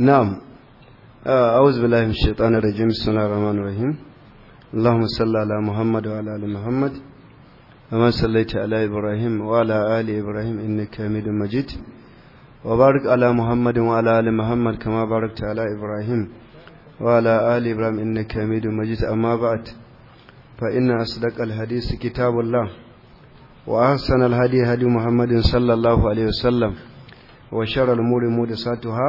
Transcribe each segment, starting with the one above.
نعم أعوذ بالله من الشيطان الرجيم بسم الله الرحمن الرحيم اللهم صل على محمد وعلى آل محمد كما صليت على إبراهيم وعلى آل إبراهيم إنك حميد مجيد وبارك على محمد وعلى آل محمد كما باركت على إبراهيم وعلى آل إبراهيم إنك حميد مجيد أما بعد فإن أصدق الحديث كتاب الله وأحسن الهدي هدي محمد صلى الله عليه وسلم وشر الأمور محدثاتها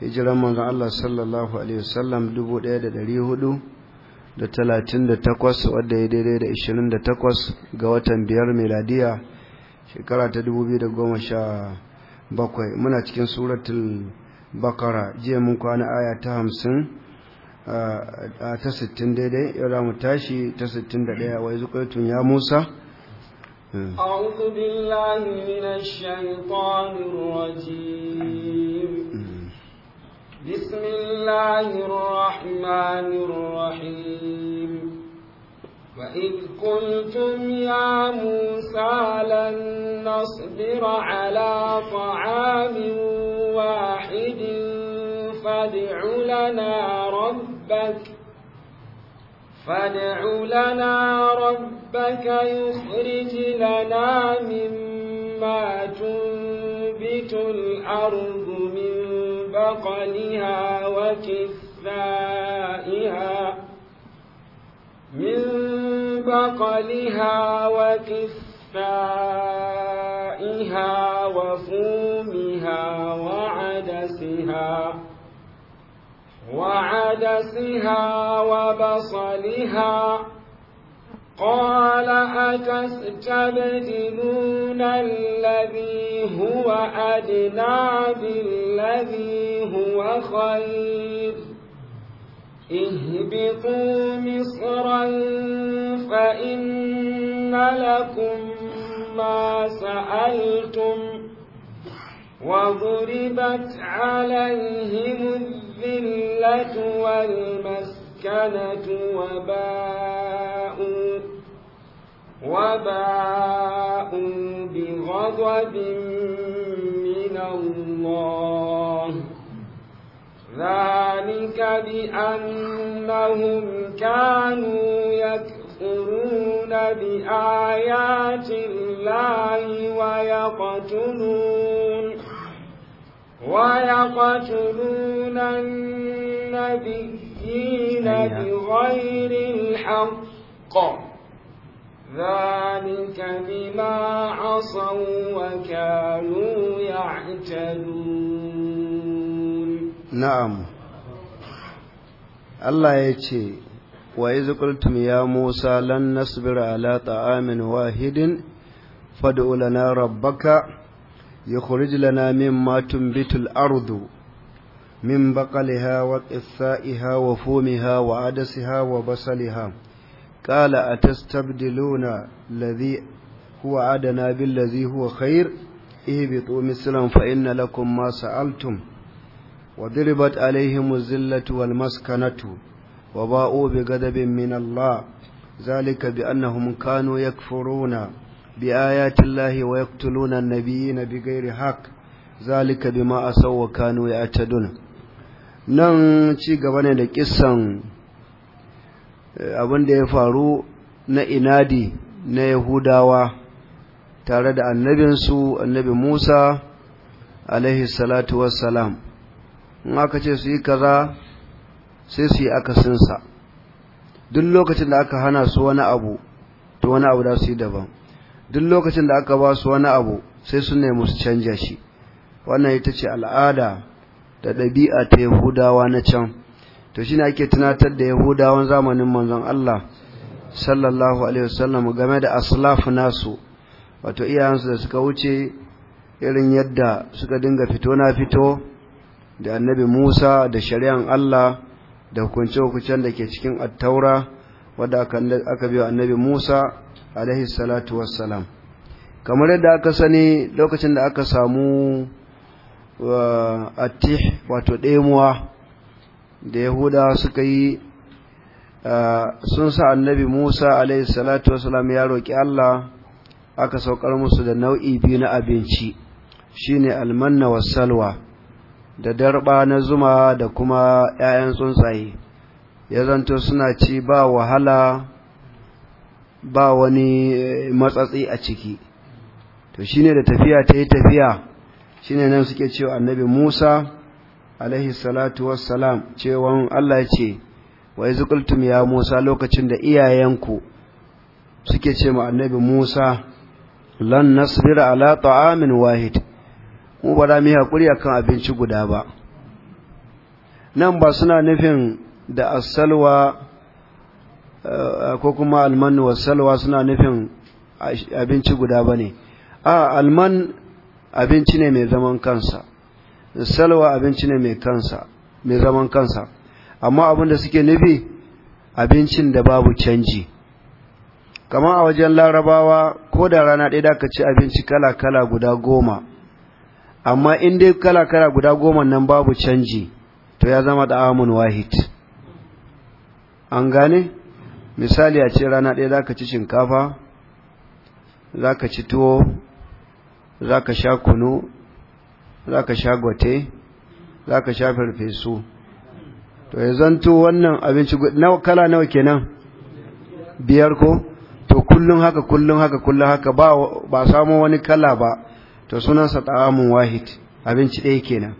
hijiran manzon Allah sallallahu alaihi wasallam 1438 wadda ya daidai da 28 ga watan biyar miladiya shekara ta 2017 muna cikin suratul bakara jiya mun kwana aya ta 50 a ta 60 daidai yau mu tashi ta 61 wai zukaitun ya Musa أعوذ بالله من الشيطان الرجيم بسم الله الرحمن الرحيم وإذ قلتم يا موسى لن نصبر على طعام واحد فادع لنا ربك فادع لنا ربك يخرج لنا مما تنبت الأرض وبقلها وكثائها من بقلها وكثائها وفومها وعدسها وعدسها وبصلها قال أتستبدلون الذي هو أدنى بالذي هو خير اهبطوا مصرا فإن لكم ما سألتم وضربت عليهم الذلة والمسكنة وباءوا وباءوا بغضب من الله ذلك بأنهم كانوا يكفرون بآيات الله ويقتلون ويقتلون النبيين بغير الحق ذلك بما عصوا وكانوا يعتدون نعم الله يجي وإذ قلتم يا موسى لن نصبر على طعام واحد فادع لنا ربك يخرج لنا مما تنبت الأرض من بقلها وقثائها وفومها وعدسها وبصلها قال أتستبدلون الذي هو أدنى بالذي هو خير اهبطوا مثلا فإن لكم ما سألتم وضربت عليهم الزلة والمسكنة وباءوا بغضب من الله ذلك بأنهم كانوا يكفرون بآيات الله ويقتلون النبيين بغير حق ذلك بما أسوا وكانوا يعتدون nan ci gaba ne da kisan abin da ya faru na inadi na yahudawa tare da annabinsu annabi musa alaihi salatu wassalam in aka ce su yi kaza sai su yi akasinsa duk lokacin da aka hana su wani abu to wani abu da su yi daban duk lokacin da aka ba su wani abu sai su nemi su canja shi wannan ita ce al'ada da ɗabi'a ta yahudawa na can to shine ake tunatar da yahudawan zamanin manzon Allah sallallahu alaihi wasallam game da aslaf nasu wato iyayensu da suka wuce irin yadda suka dinga fito na fito da annabi Musa da shari'an Allah da hukunce-hukuncen da ke cikin attaura wadda aka biyo annabi Musa alaihi salatu wassalam kamar yadda aka sani lokacin da aka samu uh, attih wato ɗemuwa da Yahuda suka yi sun sa annabi musa alaihi salatu wasalam ya roƙi allah aka saukar musu da nau'i biyu na abinci shine almanna wasalwa da darba na zuma da kuma 'ya'yan tsuntsaye ya zanto suna ci ba wahala ba wani eh, matsatsi a ciki to shine da tafiya ta yi tafiya shine nan suke cewa annabi musa alaihi salatu wassalam cewan Allah ce wa iz ya Musa lokacin da iyayenku suke ce ma annabi Musa lan nasbira ala ta'amin wahid mu ba za mu hakuri akan abinci guda ba nan ba suna nufin da asalwa eh, ko kuma alman wasalwa suna nufin abinci guda ba ne a alman abinci ne mai zaman kansa salwa abinci ne mai kansa mai zaman kansa amma abin da suke nufi abincin da babu canji kamar a wajen larabawa ko da rana ɗaya da ka ci abinci kala-kala guda goma amma in dai kala-kala guda goma nan babu canji to ya zama da amun wahid an gane misali a ce rana ɗaya za ka ci shinkafa za ka ci tuwo za ka sha kunu za ka sha gwate za ka sha farfesu to ya zanto wannan abinci kala nawa kenan biyar ko to kullum haka kullum haka kullum haka ba ba samo wani kala ba to sunansa ta'amun wahid abinci ɗaya kenan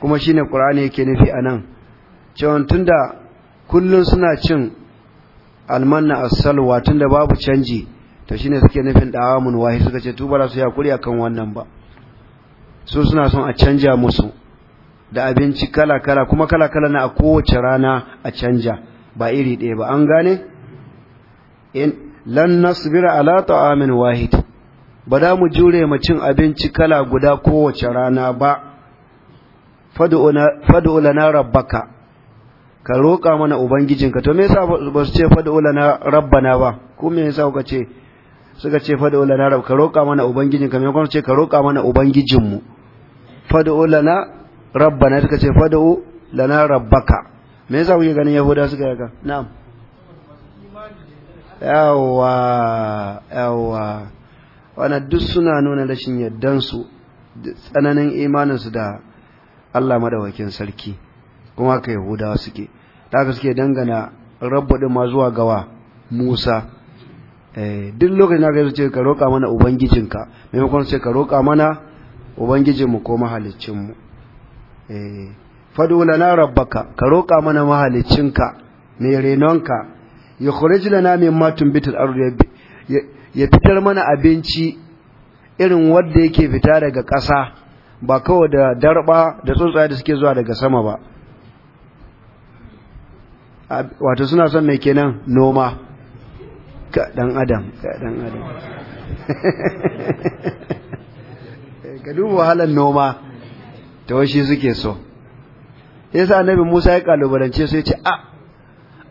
kuma shine qur'ani yake nufi anan cewa tunda kullum suna cin almanna as-salwa tunda babu canji to shine suke nufin da'amun wahid suka ce tubara su ya kuri akan wannan ba su suna son a canja musu da abinci kala-kala kuma kala-kala na a kowace rana a canja ba iri ɗaya ba an gane lan nasbira ala ta'amin wahid ba da mu jure mu cin abinci kala guda kowace rana ba fad'u lana rabbaka ka roƙa mana ubangijinka to me yasa ba su ce fad'u lana rabbana ba ko me yasa kuka ce suka ce fad'u lana rabb ka roƙa mana ubangijin ka maimakon ce ka roƙa mana ubangijin mu fad'u lana rabbana suka ce fad'u lana rabbaka me yasa kuke ganin yahuda suka yaka na'am yawa yawa wana duk suna nuna rashin su tsananin imaninsu da Allah madawakin sarki kuma ka yahuda suke da haka suke dangana rabbu din ma zuwa gawa Musa Eh, duk lokacin da ka ce ka roƙa mana ubangijinka maimakon sai ka roƙa mana ubangijinmu ko mahaliccinmu eh, fadu lana rabbaka ka roƙa mana na mai renonka ya khuruj lana min matun bitar ardi ya fitar mana abinci irin wanda yake fita daga ƙasa ba kawai da darba da tsuntsaye da suke zuwa daga sama ba wato suna son mai kenan noma ga dan adam ga dan adam noma ta shi suke so yasa annabi Musa ya kalubalance su ya ce a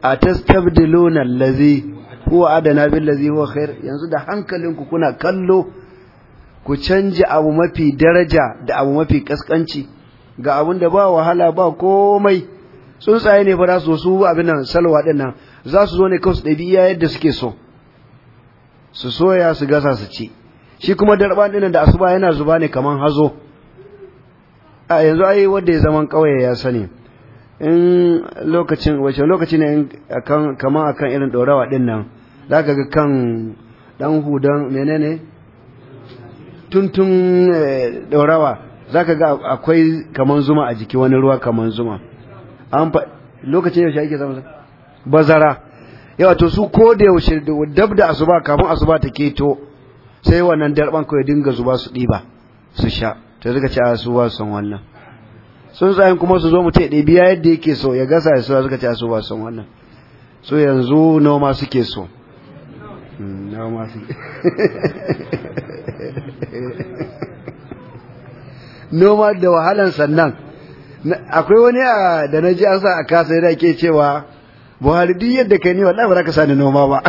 ah, tastabdiluna allazi huwa adana bil ladzi huwa khair yanzu da hankalinku kuna kallo ku canja abu mafi daraja da abu mafi kaskanci ga abun da ba wahala ba komai tsuntsaye ne fa za su zo su abin nan salwa din nan za su zo ne kawai su ɗabi iya yadda suke so su soya su gasa su ci shi kuma darban ɗinan da asuba yana zuba ne kaman hazo a yanzu ai wanda ya zaman ƙauye ya sani in lokacin wace lokaci ne kaman akan irin dorawa ɗin nan za ka ga kan dan hudan menene tuntun dorawa eh, ka ga akwai kaman zuma a jiki wani ruwa kaman zuma an fa lokacin yaushe ake zama bazara yawa to su ko da yaushe dab da asuba kafin asuba ta keto sai wannan darban kawai ya dinga zuba su diba su sha ta riga ci a su son wannan sun tsayin kuma su zo mu ce ɗabiya yadda yake so ya gasa ya so suka ci a ba son wannan so yanzu noma suke so hmm, noma noma da wahalan sannan akwai wani da na ji an sa a kasa yana ke cewa buhari duk yadda kai ni wallahi ba za ka sani noma ba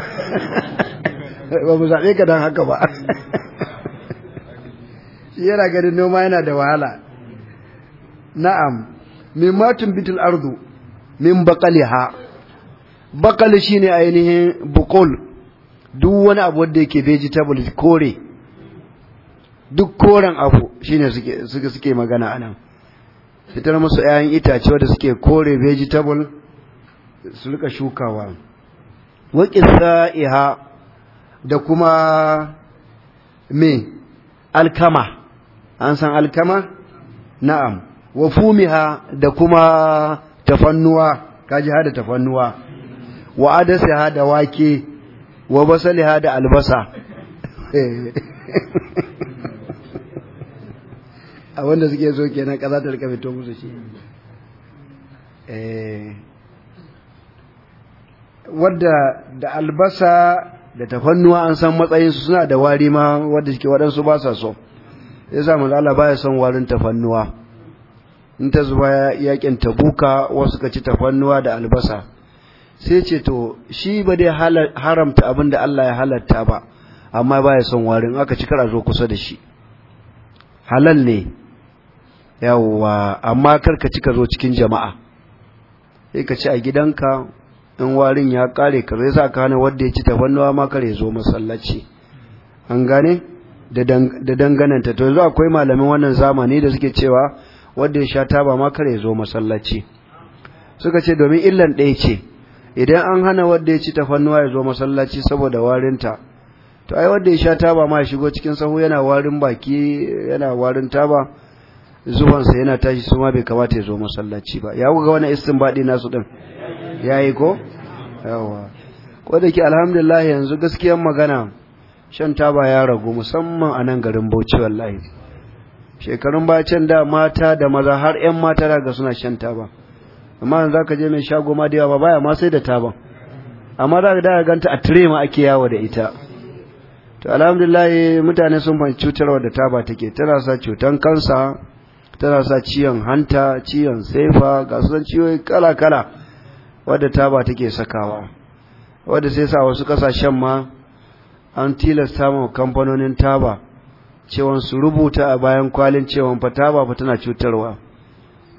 ba mu zaɓe ka don haka ba yana ganin noma yana da wahala na'am min matun bitul ardu min ha. baqal shine ainihin bukol duk wani abu wanda yake vegetable kore duk koren abu shine suke suke magana anan fitar musu 'ya'yan itace wanda suke kore vegetable su rika shukawa wakil qisaiha da kuma me alkama an san alkama na'am wa fumiha da kuma tafannuwa kaji hada tafannuwa wa adasiha da wake wa basaliha da albasa a wanda suke so kenan kaza ta rika fito musu shi eh wadda da albasa da tafannuwa an san matsayinsu suna da wari ma wadda suke waɗansu ba sa so ya sa manzo Allah baya son warin tafannuwa in ta zuba yakin tabuka wasu ka ci tafannuwa da albasa sai ce to shi ba dai haramta abin da Allah ya halatta ba amma baya son warin aka ci kara zo kusa da shi halal ne yawwa amma kar ka ci ka zo cikin jama'a sai ka ci a gidanka in warin ya kare ka zai sa kana wanda ya ci tafannuwa ma kare zo masallaci an gane da dangananta to yanzu akwai malamin wannan zamani da suke cewa wanda ya sha taba ma kare zo masallaci suka ce domin illan ɗaya ce idan an hana wanda ya ci tafannuwa ya zo masallaci saboda warinta to ai wanda ya sha taba ma ya shigo cikin sahu yana warin baki yana warin taba zuwansa yana tashi su ma bai kamata ya zo masallaci ba ya kuka wani baɗi nasu ya yayi ko yawa ko da ke alhamdulillah yanzu gaskiyar magana shan taba ya ragu musamman a nan garin Bauchi wallahi shekarun bacin da mata da maza har yan mata daga suna shan taba amma yanzu ka je mai shago ma da yawa baya ma sai da taba amma za ka ganta a tire ma ake yawo da ita to alhamdulillah mutane sun fahimci cutarwa da taba take tana sa cutar kansa tana sa ciwon hanta ciwon saifa ga sunan ciwoyi kala-kala wadda taba take sakawa wadda sai sa wasu kasashen ma an tilasta ma kamfanonin taba cewon su rubuta a bayan kwalin cewa fa taba fa tana cutarwa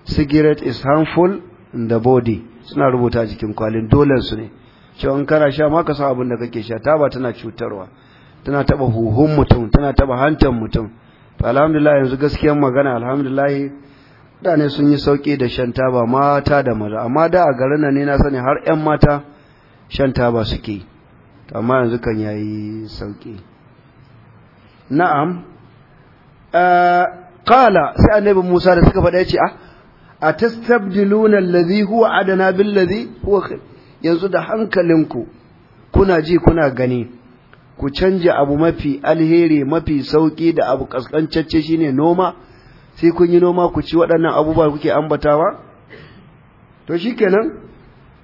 cigarette is harmful in the body suna rubuta a jikin kwalin dole su ne cewa kana sha ma ka san abin da kake sha taba tana cutarwa tana taba huhun mutum tana taba hantar mutum to alhamdulillah yanzu gaskiyar magana alhamdulillah da ne sun yi sauki da shan taba mata da maza amma da a garin nan ne na sani har ƴan mata shan taba suke amma yanzu kan yayi sauki na'am eh, qala sai annabi Musa da suka faɗa yace a ah, atastabdiluna alladhi huwa adana billadhi huwa yanzu da hankalinku kuna ji kuna gani ku canja abu mafi alheri mafi sauki da abu kaskancacce shine noma sai kun yi noma ku ci waɗannan abubuwa kuke ambatawa to shikenan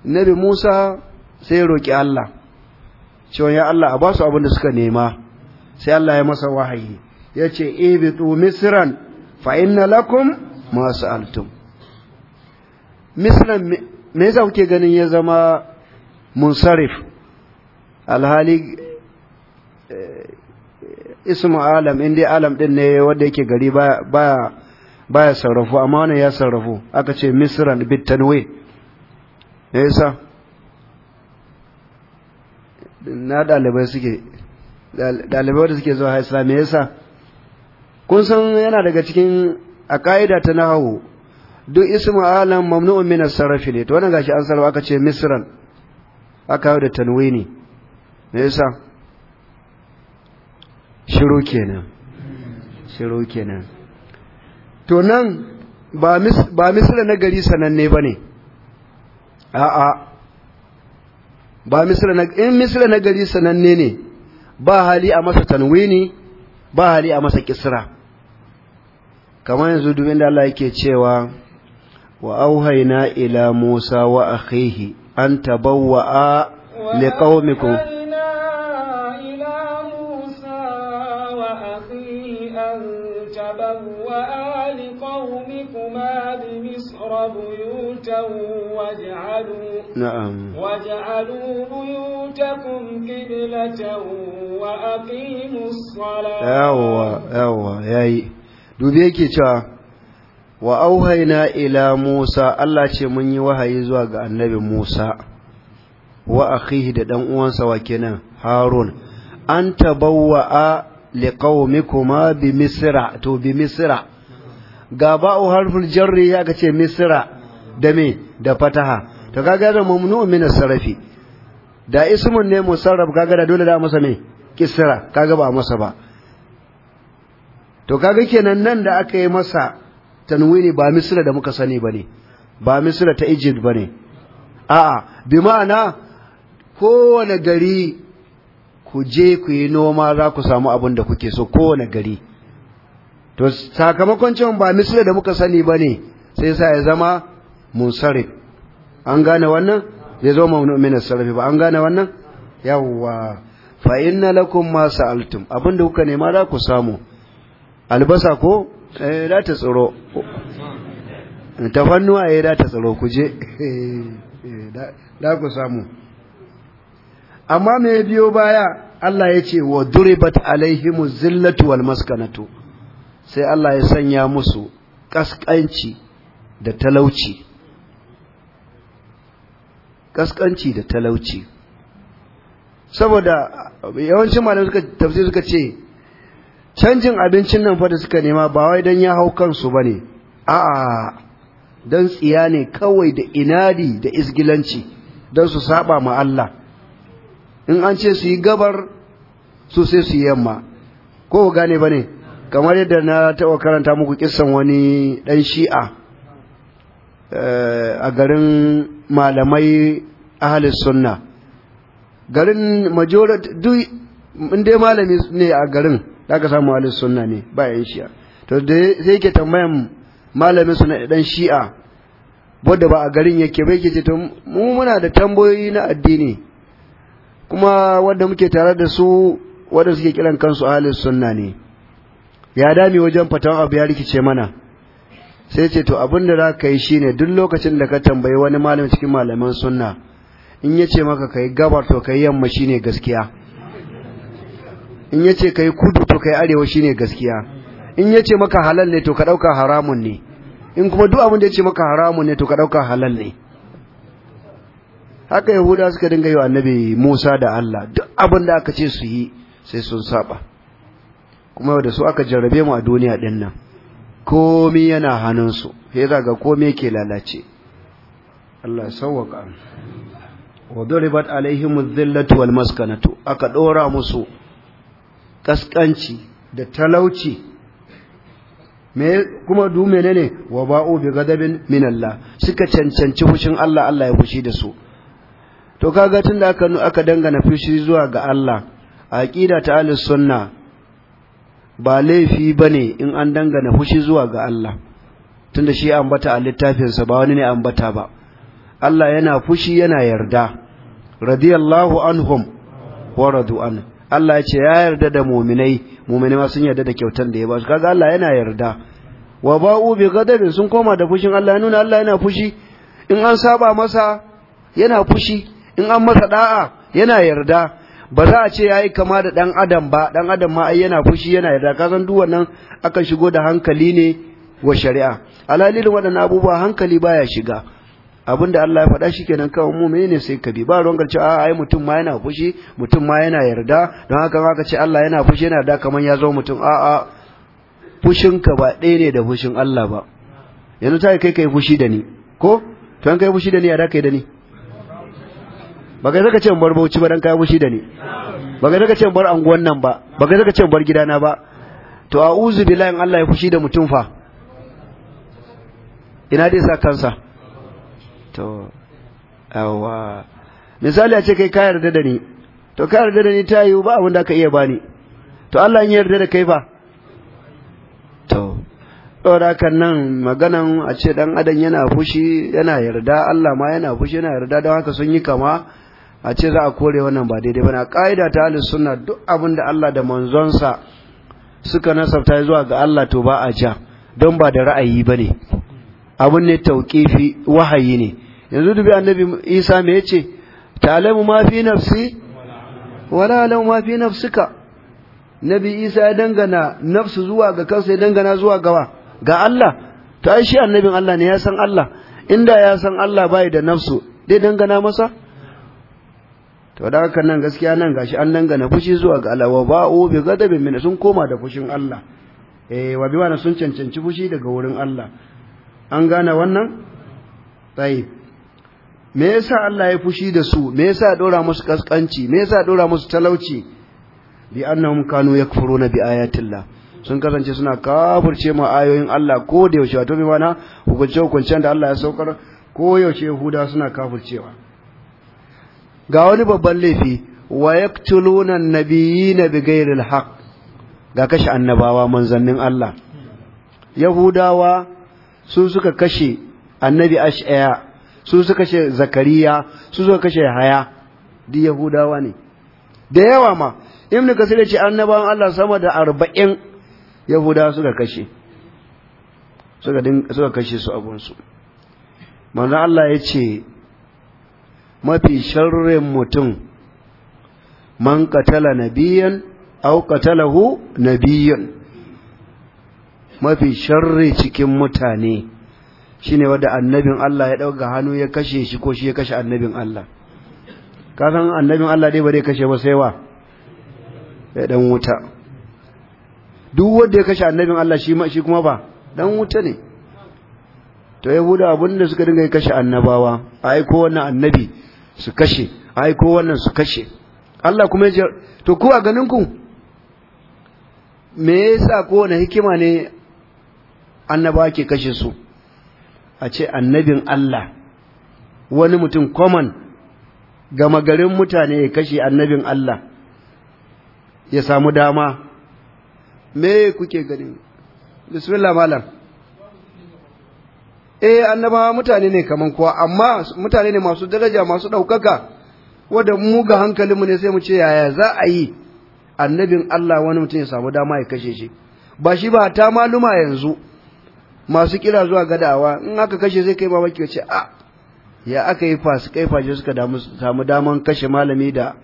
nabi Musa sai ya roki Allah cewa ya Allah a ba su abin da suka nema sai Allah ya masa wahayi ya ce ibitu misran fa inna lakum ma sa'altum misran me yasa kuke ganin ya zama munsarif alhali ismu alam in dai alam din ne wanda yake gari baya baya sarrafu amma wannan ya sarrafu aka ce misran bit tanwi me yasa na dalibai suke dalibai wanda suke zuwa islam me yasa kun san yana daga cikin a ka'ida ta nahawu duk ismu alam mamnu'un min as-sarfi ne to wannan gashi an sarrafa aka ce misran aka yi da tanwini me yasa shiru kenan shiru kenan to nan ba misira na gari sananne ba ne a'a ba misira na in misira na gari sananne ne ba hali a masa tanwini ba hali a masa kisra kamar yanzu duk inda Allah yake cewa wa auhayna ila Musa wa akhihi an tabawwa liqaumikum وبيوتا واجعلوا نعم واجعلوا بيوتكم قبلة وأقيموا الصلاة أوى أوى ياي cewa wa auhaina ila Musa Allah ce mun yi wahayi zuwa ga annabi Musa wa akhihi da dan uwansa wa kenan Harun an tabawwa liqaumikuma bi Misra to bi Misra ga ba'u harful jarri ya ga ce misra da me da fataha to kaga da mamnu min sarafi da ismun ne musarraf kaga da dole da masa me kisra kaga ba masa ba to kaga kenan nan da aka yi masa tanwini ba misra da muka sani bane ba misra ta egypt bane a'a bi ma'ana kowane gari ku je ku yi noma za ku samu abin da kuke so kowane gari to sakamakon cewa ba misali da muka sani ba ne sai sa ya zama munsarif an gane wannan zai zo mamnu sarfi ba an gane wannan yawwa fa inna lakum ma sa'altum abinda kuka nema za ku samu albasa ko eh da ta tsiro tafannuwa eh da ta tsaro ku je da ku samu amma me biyo baya Allah ya ce wa duribat alaihimu zillatu wal maskanatu sai Allah ya sanya musu kaskanci da talauci kaskanci da talauci saboda yawancin malamai suka tafsir suka ce canjin abincin nan fa da suka nema ba wai dan ya hau kansu bane a'a dan tsiya ne kawai da inadi da isgilanci dan su saba ma Allah in an ce su yi gabar su sai su yi yamma ko gane bane kamar yadda na taɓa karanta muku kisan wani ɗan shi'a eh, a garin malamai ahalis sunna garin majority duk inda malami ne a garin da aka samu ahalis sunna ne ba yan shi'a to da zai ke tambayan malamin su na ɗan shi'a wadda ba a garin yake ba yake ce to mu muna da tambayoyi na addini kuma wadda muke tare da su wadda suke kiran kansu ahalis sunna ne ya dami wajen fatan abu ya rikice mana sai ce to abin da za ka yi shine duk lokacin da ka tambayi wani malamin cikin malaman sunna in ya ce maka kai gabar to kai yamma shine gaskiya in ya ce kai kudu to kai arewa shine gaskiya in ya ce maka halal ne to ka ɗauka haramun ne in kuma duk abin da ya ce maka haramun ne to ka ɗauka halal ne haka yahuda suka dinga yi wa annabi musa da allah duk abin da aka ce su yi sai sun saba kuma da su aka jarrabe mu a duniya din nan komi yana hannunsu sai zaga ga komi ke lalace Allah ya sauka wa duribat alaihim adh-dhillatu wal maskanatu aka dora musu kaskanci da talauci me kuma du menene wa ba'u bi ghadabin min Allah suka cancanci fushin Allah Allah ya fushi da su to kaga tunda aka aka dangana fushi zuwa ga Allah aqida ta al sunna ba laifi ba ne in an dangana fushi zuwa ga Allah tunda shi ambata a littafinsa ba wani ne ambata ba Allah yana fushi yana yarda radiyallahu anhum wa radu an Allah ya ce ya yarda da muminai muminai ma sun yarda da kyautan da ya ba su kaga Allah yana yarda wa ba'u bi ghadabin sun koma da fushin Allah nuna Allah yana fushi in an saba masa yana fushi in an masa da'a yana yarda ba za a ce ya yi kama da dan adam ba dan adam ma ai yana fushi yana yarda ka san duk wannan akan shigo da hankali ne wa shari'a alalilin waɗannan abubuwa hankali baya shiga abinda Allah ya faɗa shi kenan kawai mu menene sai ka bi ba ruwan garci a ai mutum ma yana fushi mutum ma yana yarda don haka ka ce Allah yana fushi yana da kaman ya zo mutum a a fushinka ba ɗaya ne da fushin Allah ba yanzu ta kai kai fushi da ni ko to an kai fushi da ni ya da kai da ni ba kai zaka ce bar bauchi ba dan kai mushi da ni ba kai zaka ce bar anguwan nan ba ba kai zaka ce bar gidana ba to a'udhu billahi Allah ya fushi da mutum fa ina dai sa kansa to awa misali a ce kai ka yarda da ni to ka yarda da ni ta yiwu ba abin da ka iya bani to Allah ya yarda da kai fa to saboda kan nan maganan a ce dan adam yana fushi yana yarda Allah ma yana fushi yana yarda don haka sun yi kama a ce za a kore wannan ba daidai bane a kaida ta ahlus sunna duk abin da Allah da manzonsa suka nasabta zuwa ga Allah to ba a ja don ba da ra'ayi bane abin ne tauƙifi wahayi ne yanzu dubi annabi Isa me yace ta'lamu ma fi nafsi wala alamu ma fi nafsika nabi Isa ya dangana nafsu zuwa ga kansa ya dangana zuwa gawa ga Allah to ai shi annabin Allah ne ya san Allah inda ya san Allah bai da nafsu dai dangana masa to da haka nan gaskiya nan gashi an dangana fushi zuwa ga Allah wa ba'u bi ghadabin min sun koma da fushin Allah eh wa bi wannan sun cancanci fushi daga wurin Allah an gane wannan tayyib me yasa Allah ya fushi da su me yasa dora musu kaskanci me yasa dora musu talauci bi annahum kanu yakfuruna bi ayatillah sun kasance suna kafirce ma ayoyin Allah ko da yaushe wato bi wannan hukunce hukuncen da Allah ya saukar ko yaushe Yahuda suna kafircewa ga wani babban laifi wa yaqtuluna an-nabiyina na al-haq ga kashe annabawa manzannin Allah yahudawa su suka kashe annabi ash'aya su suka kashe zakariya su suka kashe haya di yahudawa ne da yawa ma ibn kasu ya ce annabawan Allah sama da arba'in yahudawa suka kashe suka kashe su abunsu manzan Allah ya ce mafi sharrin mutum man katala nabiyan au katalahu nabiyan mafi sharri cikin mutane shine wanda annabin Allah ya dauka hannu ya kashe shi ko shi ya kashe annabin Allah ka san annabin Allah dai ba zai kashe ba sai wa ya dan wuta duk wanda ya kashe annabin Allah shi ma shi kuma ba dan wuta ne to yahuda abinda suka dinga kashe annabawa ai ko wannan annabi su kashe ai ko wannan su kashe Allah kuma ya to ku a ganin ku me yasa ko wani hikima ne annaba ke kashe su a ce annabin Allah wani mutum common gama garin mutane ya kashe annabin Allah ya samu dama me kuke ganin bismillah malam eh annabawa mutane ne kaman kowa amma mutane ne masu daraja masu ɗaukaka wanda mu ga hankalinmu ne sai mu ce yaya za a yi annabin Allah wani mutum ya samu dama ya kashe shi ba shi ba ta maluma yanzu masu kira zuwa gadawa in aka kashe sai kai ke ce a ya aka yi fasikai fashe suka samu daman kashe malami da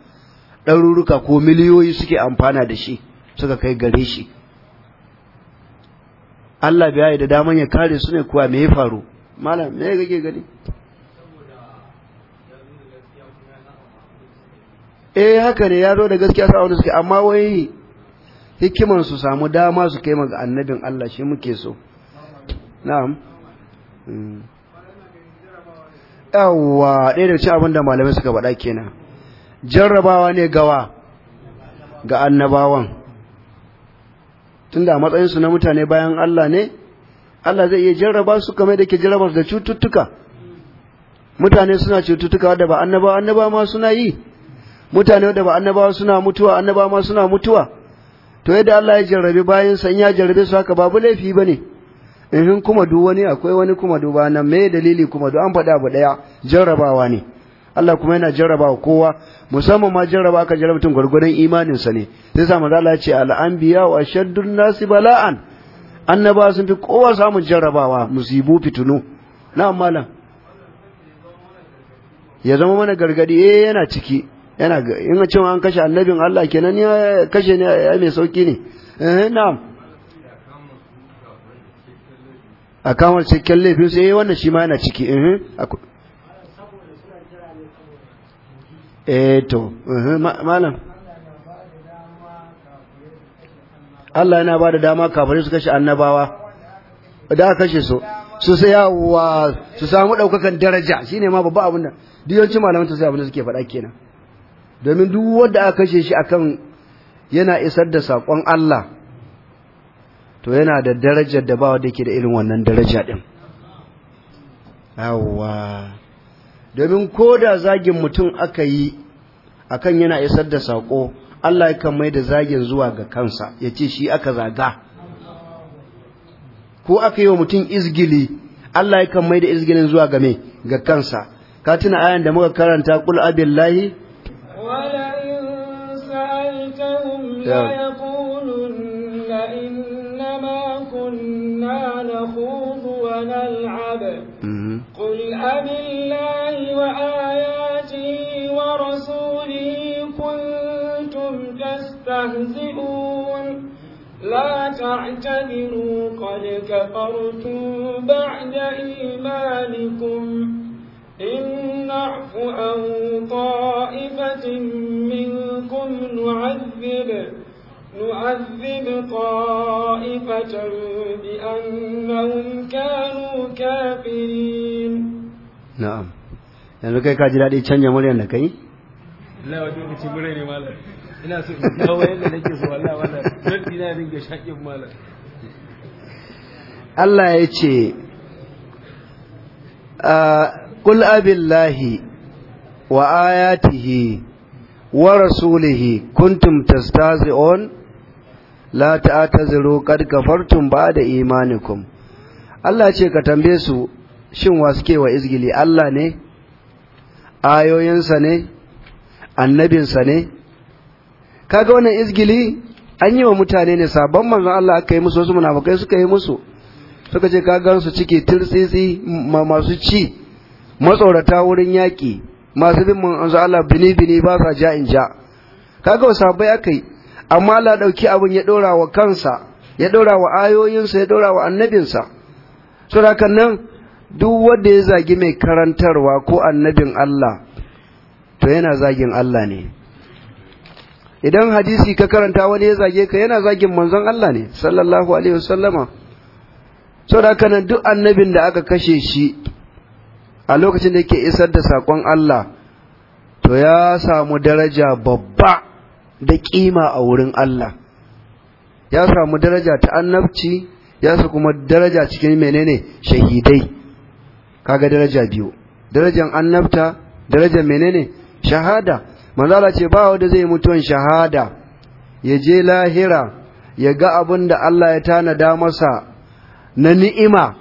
ɗaruruka ko miliyoyi suke amfana da shi suka kai gare shi Allah bai yi da daman ya kare su ne kuwa me ya faru malam me kake gani eh haka ne ya zo da gaskiya sa wani suke amma wai hikiman su samu dama su kai ga annabin Allah shi muke so na'am yawwa ɗaya da ci abin da malamai suka faɗa kenan jarrabawa ne gawa ga annabawan tunda a matsayinsu na mutane bayan Allah ne Allah zai iya jarraba su kamar da ke jarrabar da cututtuka mutane suna cututtuka da ba annaba annaba ma suna yi mutane da ba annaba suna mutuwa annaba ma suna mutuwa to yadda Allah ya jarrabe bayan san ya jarrabe su haka babu laifi bane in kuma duk wani akwai wani kuma duba nan me dalili kuma duk an faɗa abu daya jarrabawa ne Allah kuma yana jarrabawa kowa musamman ma jarraba aka jarraba tun gwargwadon imaninsa ne sai sa manzo Allah ya ce al-anbiya wa shaddun nasi bala'an annaba sun fi kowa samun jarrabawa musibu fitunu na malam ya zama mana gargadi eh yana ciki yana in ce an kashe annabin Allah kenan ya kashe ne ya mai sauki ne eh na'am a kawar cikin laifin sai eh, wannan shi ma yana ciki eh, eh eh to eh, malam Allah yana ba da dama kafirai su kashe annabawa da aka kashe su su sai yawa su samu daukakan daraja shine ma babba abin da diyanci malaman sai abin da suke faɗa kenan domin duk wanda aka kashe shi akan yana isar da sakon Allah to yana da darajar da ba wanda yake da irin wannan daraja din yawa domin ko da zagin mutum aka yi akan yana isar da saƙo Allah yakan mai da zagin zuwa ga kansa ya ce shi aka zaga ko aka yi wa mutum izgili Allah yakan mai da izgilin zuwa ga mai ga kansa ka tuna ayan da muka karanta qul abillahi wala in وآياته ورسوله كنتم تستهزئون لا تعتذروا قد كفرتم بعد إيمانكم إن نعف أو طائفة منكم نعذب نعذب طائفة بأنهم كانوا كافرين نعم yanzu kai ka ji daɗi canja murya da kai Allah ya ce. ci murai ne ina so in kawo yadda nake so Allah wala don dinga Allah ya ce Allah ce ka tambaye su shin wa suke wa izgili Allah ne ayoyinsa ne annabinsa ne kaga wannan izgili an yi wa mutane ne sabon manzon Allah aka yi musu wasu munafukai suka yi musu suka ce kaga su ciki tirsitsi masu ci matsorata wurin yaƙi masu bin manzon Allah bini bini ba sa ja in ja kaga sabai aka yi amma Allah dauki abin ya dora wa kansa ya dora wa ayoyinsa ya dora wa annabinsa saboda nan duk wanda ya zagi mai karantarwa ko annabin Allah to yana zagin Allah ne idan hadisi ka karanta wani ya zage ka yana zagin manzon Allah ne sallallahu alaihi wasallama so da nan duk annabin da aka kashe shi a lokacin da yake isar da sakon Allah to ya samu daraja babba da kima a wurin Allah ya samu daraja ta annabci ya su kuma daraja cikin menene shahidai kaga daraja biyu darajan annabta darajan menene shahada manzala ce ba wanda zai an shahada ya je lahira ya ga abin da Allah ya tanada masa na ni'ima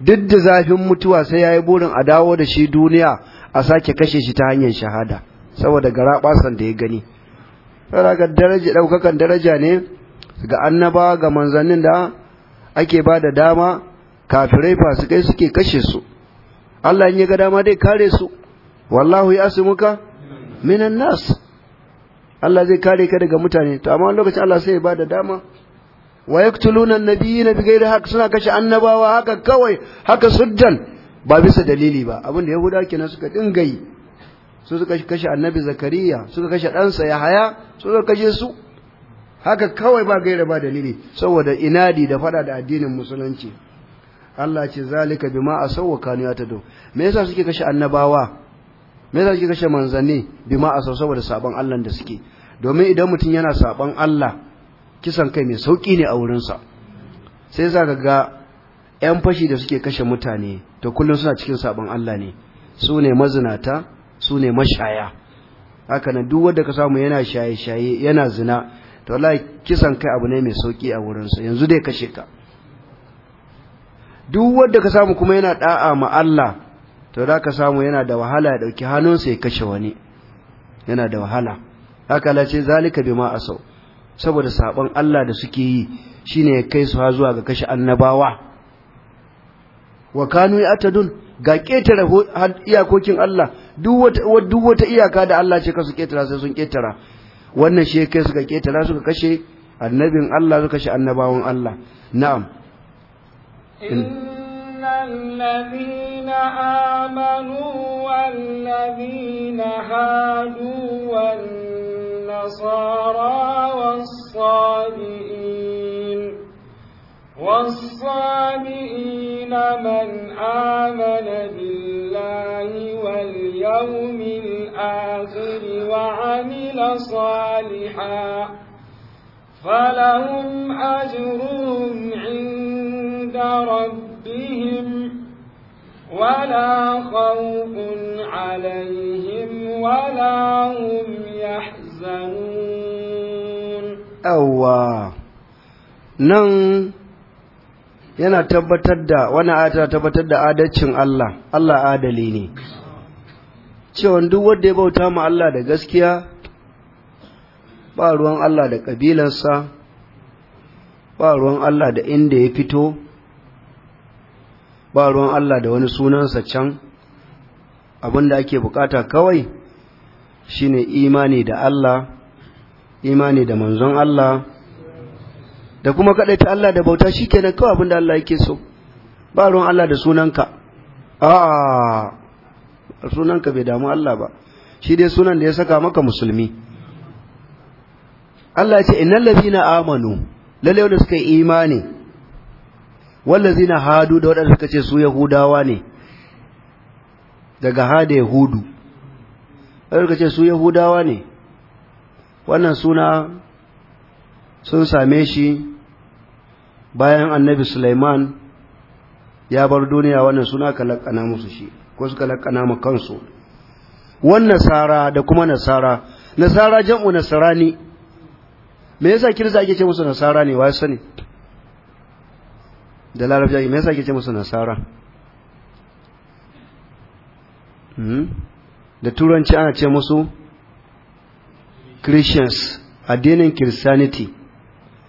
duk da zafin mutuwa sai ya yi burin a dawo da shi duniya a sake kashe shi ta hanyar shahada saboda gara basan da ya gani ragar daraja daukakan daraja ne ga annaba ga manzannin da ake ba da dama kafirai fasikai suke kashe su Allah in ya ga dama dai kare su wallahu ya asmuka minan nas Allah zai kare ka daga mutane to amma lokacin Allah sai ya bada dama wa yaqtuluna an-nabiyina haqq suna kashe annabawa haka kawai haka suddan ba bisa dalili ba abin da yahuda kenan suka dinga yi su suka kashe annabi zakariya suka kashe ɗansa yahaya su suka kashe su haka kawai ba gaira ba dalili saboda inadi da fada da addinin musulunci Allah ce zalika bima asawwa kanu yatadu me yasa suke kashe annabawa me yasa suke kashe manzanni bima asaw saboda saban Allah da suke domin idan mutum yana saban Allah kisan kai mai sauki ne a wurin sa sai zaka ga yan fashi da suke kashe mutane to kullun suna cikin saban Allah ne su ne mazinata su ne mashaya haka nan duk wanda ka samu yana shaye-shaye yana zina to wallahi kisan kai abu ne mai sauki a wurin sa yanzu dai kashe ka duk wanda ka samu kuma yana da'a ma Allah to da ka samu yana da wahala ya dauki hannunsa ya kashe wani yana da wahala haka la ce zalika bima asau saboda sabon Allah da suke yi shine ya kai su ha zuwa ga kashe annabawa wa kanu ya'tadun ga ketare iyakokin Allah duk wata duk wata iyaka da Allah ce ka su ketara sai sun ketara wannan shi ya kai su ga ketara suka kashe annabin Allah suka kashe annabawan Allah na'am إن الذين آمنوا والذين هادوا والنصارى والصابئين والصابئين من آمن بالله واليوم الآخر وعمل صالحا فلهم أجرهم عند ربهم ولا خوف عليهم ولا هم يحزنون أوا نن yana tabbatar da wani ayata tabbatar da adalcin Allah Allah adali ne cewa duk wanda ya bauta ma Allah da gaskiya ba ruwan Allah da kabilansa ba ruwan Allah da inda ya fito ba ruwan Allah da wani sunansa can abinda ake bukata kawai shine imani da Allah imani da manzon Allah da kuma ta Allah da bauta shikenan kawai abinda Allah yake so ba ruwan Allah da sunanka a'a sunanka bai damu Allah ba shi dai sunan da ya saka maka musulmi Allah ya ce innal ladina amanu lalle wanda suka yi imani wallazina hadu da waɗanda suka ce su yahudawa ne daga hada yahudu waɗanda suka ce su yahudawa ne wannan suna sun same shi bayan annabi Sulaiman ya bar duniya wannan suna kalakana musu shi ko suka kalakana mu kansu wannan sara da kuma nasara nasara jam'u ne, me yasa kirza ake ce musu nasara ne wai sani da larabci me yasa ake ce musu nasara hmm? da turanci ana ce musu christians addinin christianity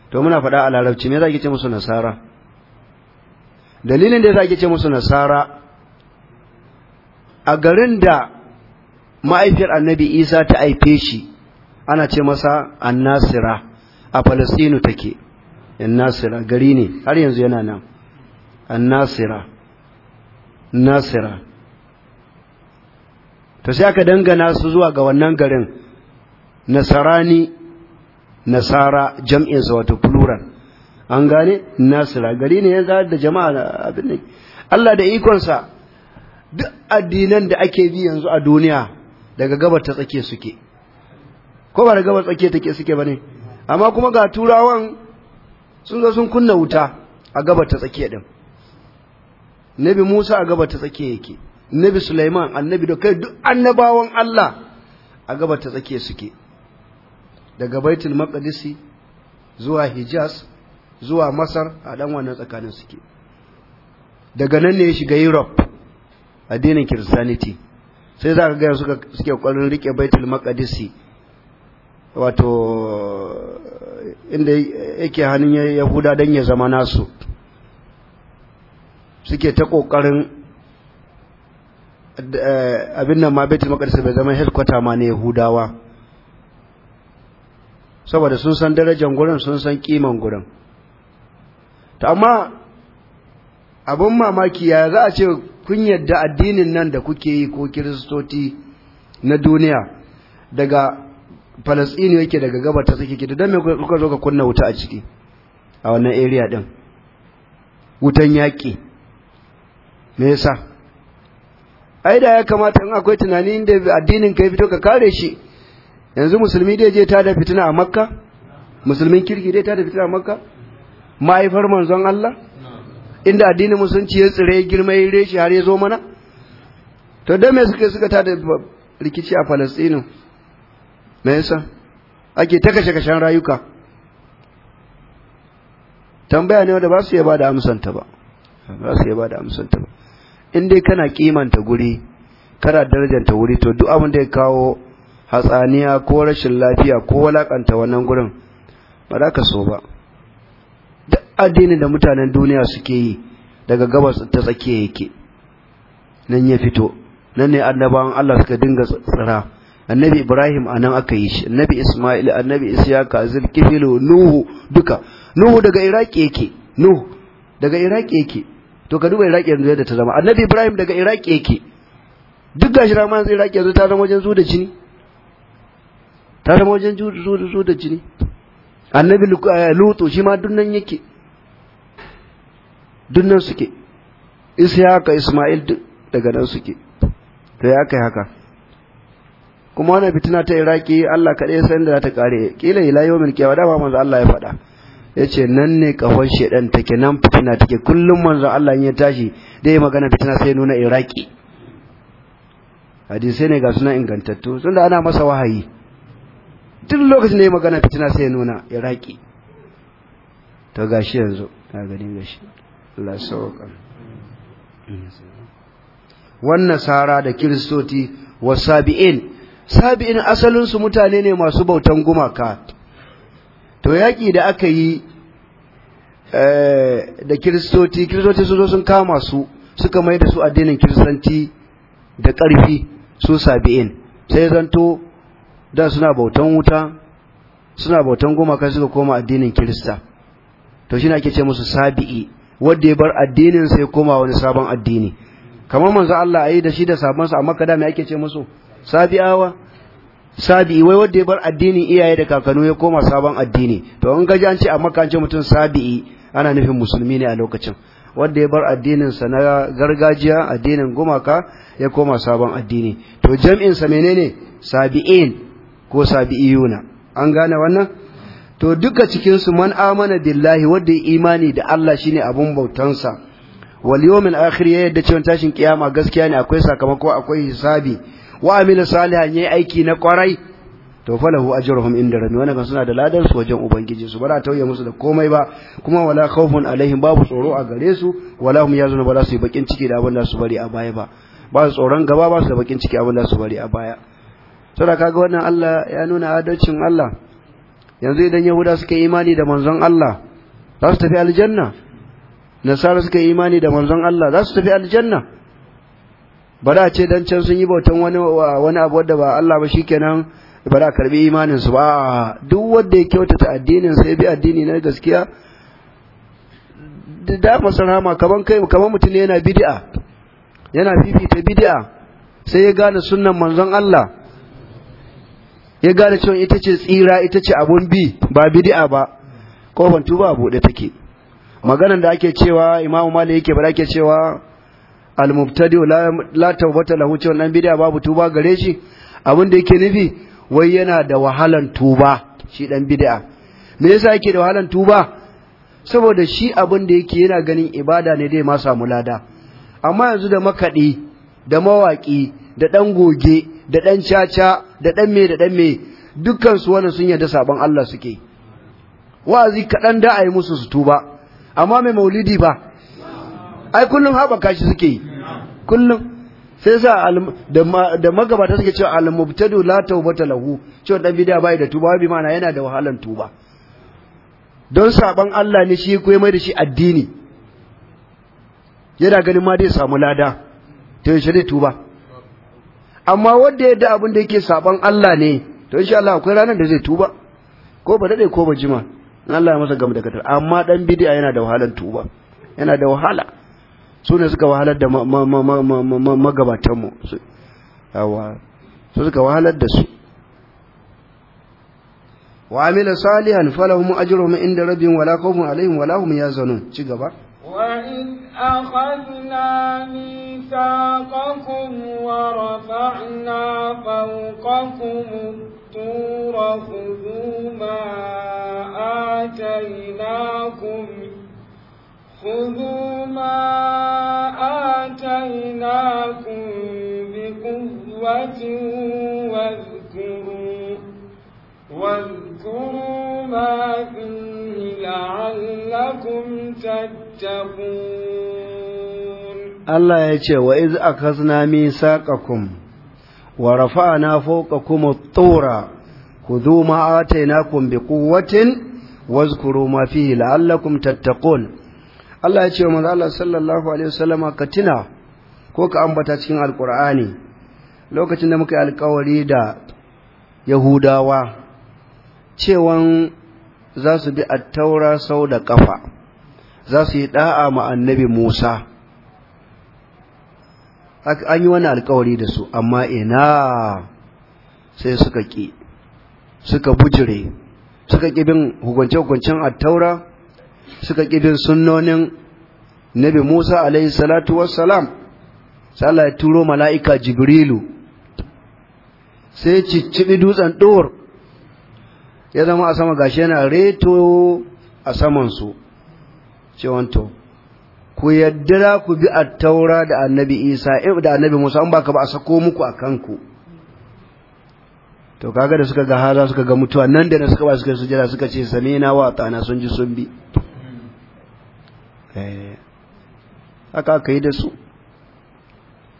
to muna faɗa a larabci me yasa ake ce musu nasara dalilin da yasa ake ce musu nasara a garin da ma'aifiyar annabi isa ta aife shi ana ce masa annasira a falasinu take annasira gari ne har yanzu yana nan الناصرة nasira to sai aka dangana su zuwa ga wannan garin بلورا nasara الناصرة wato plural an gane nasira gari ne ya da jama'a abin ne Allah da ikonsa duk addinan da ake bi yanzu a duniya daga gabar ta tsake suke ko ba da gabar tsake take suke bane amma kuma ga turawan sun zo sun kunna wuta a gabar ta tsakiya din nabi Musa a gaba ta tsake yake nabi Sulaiman annabi da kai duk annabawan Allah a gaba ta tsake suke daga Baitul Maqdisi zuwa Hijaz zuwa Masar a dan wannan tsakanin suke daga nan ne ya shiga Europe addinin Christianity sai za ka ga suka suke kwallon rike Baitul Maqdisi wato inda yake hannun Yahuda dan ya zama nasu suke ta kokarin eh, abin nan ma baitul maqdis bai zama helkwata ma ne yahudawa saboda sun san darajar gurin sun san kiman gurin to amma abin mamaki ya za a ce kun yadda addinin nan da kuke yi ko kiristoti na duniya daga falasini yake daga gabar ta suke da don me kuka zo ka kunna wuta a ciki a wannan area din wutan yaƙi me yasa ai da ya kamata in akwai tunani inda addinin ka ya fito ka kare shi yanzu musulmi dai je da fitina a makka musulmin kirki dai da fitina a makka mahaifar manzon Allah inda addinin musulunci ya tsire girma ya reshi har ya zo mana to da me suka ta da rikici a Falastinu me yasa ake ta kashe kashen rayuka tambaya ne wanda ba su yaba da amsanta ba ba su yaba da amsanta ba in dai kana kimanta guri kana darajanta wuri to duk abin da ya kawo hatsaniya ko rashin lafiya ko walakanta wannan gurin ba za ka so ba duk addinin da mutanen duniya suke yi daga gabas ta tsakiya yake nan ya fito nan ne annabawan Allah suka dinga tsira annabi Ibrahim a nan aka yi shi annabi Ismail annabi Isyaka Zulkifilu Nuhu duka Nuhu daga Iraki yake Nuhu daga Iraki yake to ka duba iraki yanzu yadda ta zama annabi ibrahim daga iraki yake duk gashi rama manzo iraki yanzu ta zama wajen zu da jini ta zama wajen zu da jini annabi eh, lutu shi ma dunnan yake dunnan suke haka isma'il duk daga nan suke to ya kai haka kuma wannan fitina ta iraki Allah kaɗai san da za ta kare kila ila yawmin kiyama dama manzo Allah ya faɗa yace nan ne kafan ta take nan fitina take kullum manzon Allah ya tashi da ya magana fitina sai nuna iraki hadisai ne ga suna ingantattu da ana masa wahayi duk lokacin da ya magana fitina sai nuna iraki to gashi yanzu ta gani gashi Allah sauka wannan sara da kiristoti wa sabi'in sabi'in asalinsu mutane ne masu bautan gumaka to yaƙi da aka yi Eh, da kiristoci kiristoci su zo sun kama su suka mai da su addinin kiristanci da ƙarfi su sabi'in sai zanto da suna bautan wuta suna bautan gumaka suka koma addinin kirista to shi ake ce musu sabi'i wanda ya bar addinin sai koma wani sabon addini kamar manzo Allah ayi da shi da sabon sa amma kada me ake ce musu sabi'awa sabi'i wai wanda ya bar addinin iyaye da kakanni ya koma sabon addini to an gaji an ce a kan ce mutum sabi'i ana nufin musulmi ne a lokacin wanda ya bar addinin sa na gargajiya addinin gumaka ya koma sabon addini to jam'in sa menene sabi'in ko sabi'iyuna an gane wannan to duka cikin su man amana billahi wanda ya imani da Allah shine abun bautansa wal yawmil akhir ya yadda cewa tashin kiyama gaskiya ne akwai sakamako akwai hisabi wa amila salihan yayi aiki na kwarai to lahu ajruhum inda rabbi wannan kan suna da ladan su wajen ubangiji su bara tauye musu da komai ba kuma wala khawfun alaihim babu tsoro a gare su wala hum yazuna ba za su yi bakin ciki da abin da su bari a baya ba ba su tsoron gaba ba su da bakin ciki abin da su bari a baya saboda kaga wannan Allah ya nuna adalcin Allah yanzu idan yahuda suka yi imani da manzon Allah za su tafi aljanna nasara suka yi imani da manzon Allah za su tafi aljanna ba da ce dan can sun yi bautan wani wani abu wanda ba Allah ba shikenan ba za karbi imanin su ba duk wanda ya kyautata addinin sai bi addini na gaskiya da masa ma kaman kai kaman mutum ne yana bid'a yana fifita bid'a sai ya gane sunnan manzon Allah ya gane cewa ita ce tsira ita ce abun bi ba bid'a ba kofan tuba a buɗe take maganan da ake cewa Imam Malik yake ba ake cewa al-mubtadi la tawbata lahu cewa nan bid'a babu tuba gare shi abin da yake nufi wai yana da wahalan tuba shi dan bid'a me yasa yake da wahalan tuba saboda shi abin da yake yana ganin ibada ne dai ma samu lada amma yanzu da makaɗi da mawaƙi da dan goge da dan caca da dan me da dan me dukkan su wannan sun yarda saban Allah suke wa'azi kaɗan da ayi musu su tuba amma mai maulidi ba ai kullum haɓaka shi suke kullum sai sa da magabata suke cewa al-mubtadu la ta lahu cewa dan bid'a bai da tuba bi ma'ana yana da wahalan tuba don saban Allah ne shi ko mai da shi addini yana ganin ma dai samu lada to yaushe zai tuba amma wanda ya da abin da yake saban Allah ne to insha Allah akwai ranar da zai tuba ko ba dade ko ba jima Allah ya masa gamu da katar amma dan bid'a yana da wahalan tuba yana da wahala su ne suka wahalar da magabatanmu su suka wahalar da su wa amila salihan falahum ajruhum inda rabbihim wala khawfun alaihim wala hum yazanun ci gaba Wa وإذ أخذنا ميثاقكم ورفعنا فوقكم tura خذوا ما آتيناكم خذوا ما أتيناكم بقوة واذكروا واذكروا ما فيه لعلكم تتقون الله يجي وإذ أخذنا ميثاقكم ورفعنا فوقكم الطور خذوا ما آتيناكم بقوة واذكروا ما فيه لعلكم تتقون Allah ya ce wa manzo Allah sallallahu alaihi wasallama ka tuna ko ka ambata cikin alkur'ani lokacin da muka yi alkawari da yahudawa cewan za su bi attaura sau da kafa za su yi da'a ma annabi musa an yi wani alkawari da su amma ina sai suka ƙi suka bujire suka bin hukunce-hukuncen attaura suka bin sunnonin nabi musa alaihi salatu sai Allah ya turo mala'ika jibrilu sai ya dutsen ɗor ya zama a sama gashi yana reto a samansu cewanto ku yadda ku bi a taura da annabi isa eh, da annabi musa an baka ba a sako muku a kanku to kaga da suka ga haza suka ga mutuwa nan da na suka ba suka sujada suka ce na wa ta'ana sun ji sun bi eh, haka aka yi da su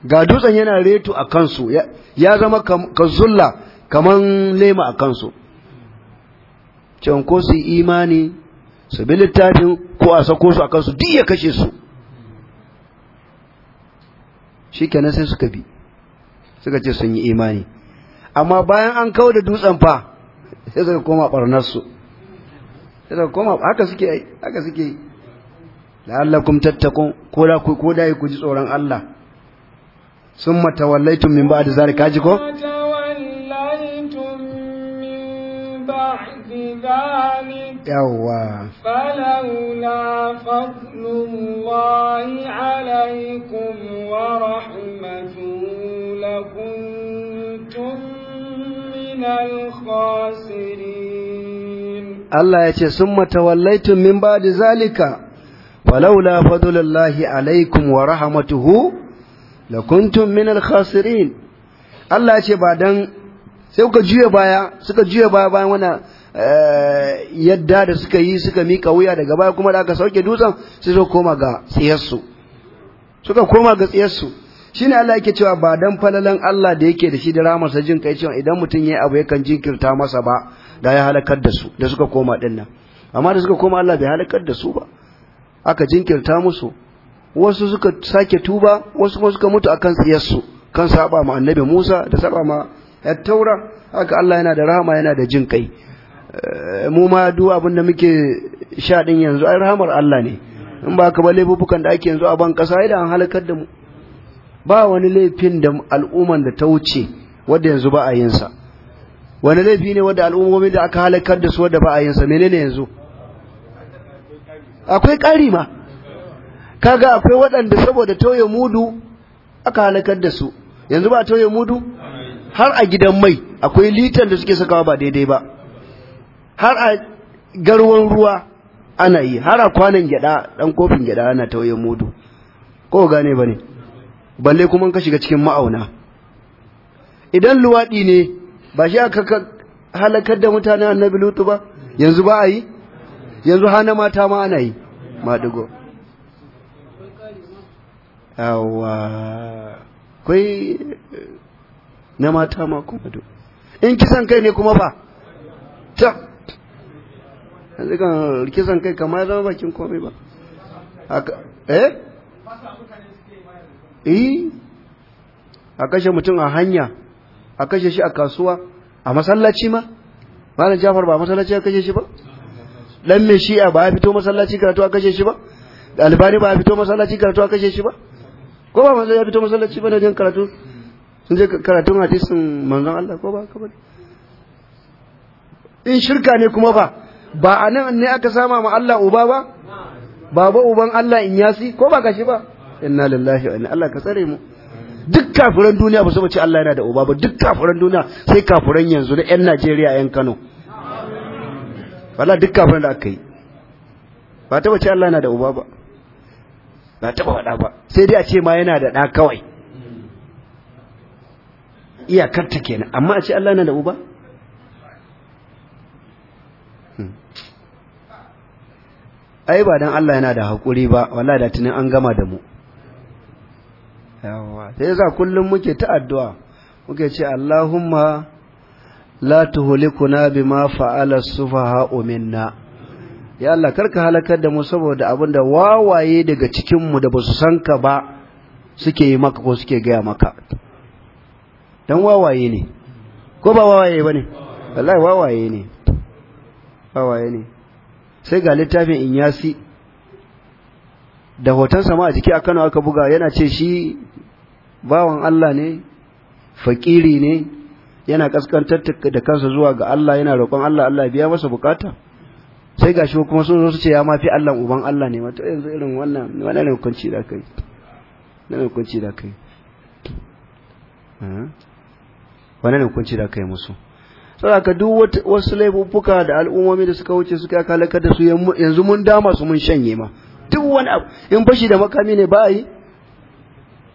ga dutsen yana reto a kansu ya zama zulla kaman lema a kansu can ko su imani su bi littafin ko a sako su a kansu duk ya kashe su shi kenan sai suka bi suka ce sun yi imani amma bayan an kawo da dutsen fa sai suka koma su sai suka koma haka suke yi haka suke yi la'allakum tattakun ko da ko da ku ji tsoron Allah sun matawallaitun min ba'ad zalika ji ko yawwa falaula fadlullahi alaikum wa rahmatuhu lakuntum min khasirin Allah yace summa tawallaitun min ba'di zalika falaula fadlullahi alaikum wa rahmatuhu lakuntum min al-khasirin Allah ya ce ba dan sai kuka juya baya suka juya baya bayan wannan eh, yadda da suka yi suka mika wuya daga baya kuma da aka sauke dutsen sai suka koma ga tsiyarsu suka koma ga tsiyarsu shine Allah yake cewa ba dan falalan Allah da yake da shi da ramarsa jin kai cewa idan mutum yayi abu yakan jinkirta masa ba da ya halakar da su da suka koma dinnan amma da suka koma Allah bai halakar da su ba aka jinkirta musu wasu suka sake tuba wasu kuma suka mutu akan tsiyarsu kan saba ma annabi Musa da saba ma taura haka Allah yana da rahama yana da jin kai eh, mu ma duk abin da muke sha din yanzu ai rahamar Allah ne in ba ka ba laifukan da ake yanzu a ban kasa idan an halakar da mu ba wani laifin da al'umman da ta wuce wanda yanzu ba a yin sa wani laifi ne wanda al'ummomin da aka halakar da su wanda ba a yin sa menene yanzu akwai ƙari ma kaga akwai waɗanda saboda tauye mudu aka halakar da su yanzu ba tauye mudu har a gidan mai akwai litan da suke sakawa ba daidai ba har a garwan ruwa ana yi har a kwanan gyada dan kofin gyada ana tauye mudu ko gane ne balle kuma ka shiga cikin ma'auna idan luwaɗi ne ba shi aka halakar da mutanen annabi lutu ba yanzu ba a yi yanzu hana mata ma ana yi maɗigo yawa kwai na mata ma kuma do in kisan kai ne kuma ba ta yanzu kan kisan kai kamar zama bakin komai ba haka eh eh a kashe mutum a hanya a kashe shi a kasuwa a masallaci ma malam jafar ba masallaci a kashe shi ba dan me shi'a ba ya fito masallaci karatu a kashe shi ba albani ba ya fito masallaci karatu a kashe shi ba ko ba masallaci ya fito masallaci bane wajen karatu sun je karatun hadisin manzon Allah ko ba kabari in shirka ne kuma ba ba a nan ne aka sama ma Allah uba ba baba uban Allah in yasi ko ba kashi ba inna lillahi wa inna Allah ka tsare mu duk kafiran duniya ba su bace Allah yana da uba ba duk kafiran duniya sai kafiran yanzu na yan Najeriya yan Kano wala duk kafiran da aka yi ba ta bace Allah yana da uba ba ba taɓa faɗa ba sai dai a ce ma yana da ɗa kawai iyakarta kenan amma a ce Allah na da uba hmm. ai ba dan Allah yana da haƙuri ba wallahi da tunin an gama da mu yawa sai za kullum muke ta addu'a muke ce Allahumma la tuhlikuna bima fa'ala sufaha'u minna ya Allah karka halakar da mu saboda abin da wawaye daga cikinmu da ba su san ka ba suke yi maka ko suke gaya maka dan wawaye ne ko ba wawaye ba ne wallahi wawaye ne wawaye ne sai ga littafin inyasi da hoton sama a jiki a Kano aka buga yana ce shi bawan Allah ne fakiri ne yana kaskantar da kansa zuwa ga Allah yana roƙon Allah Allah biya masa bukata sai gashi kuma sun zo su ce ya ma fi Allah uban Allah ne wato yanzu irin wannan wannan ne hukunci da kai ne hukunci da kai eh? wannan ne hukunci da kai musu saboda duk wasu laifuffuka da al'ummomi da suka wuce suka kalaka da su yanzu mun dama su mun shanye ma duk wani abu in bashi da makami ne ba a yi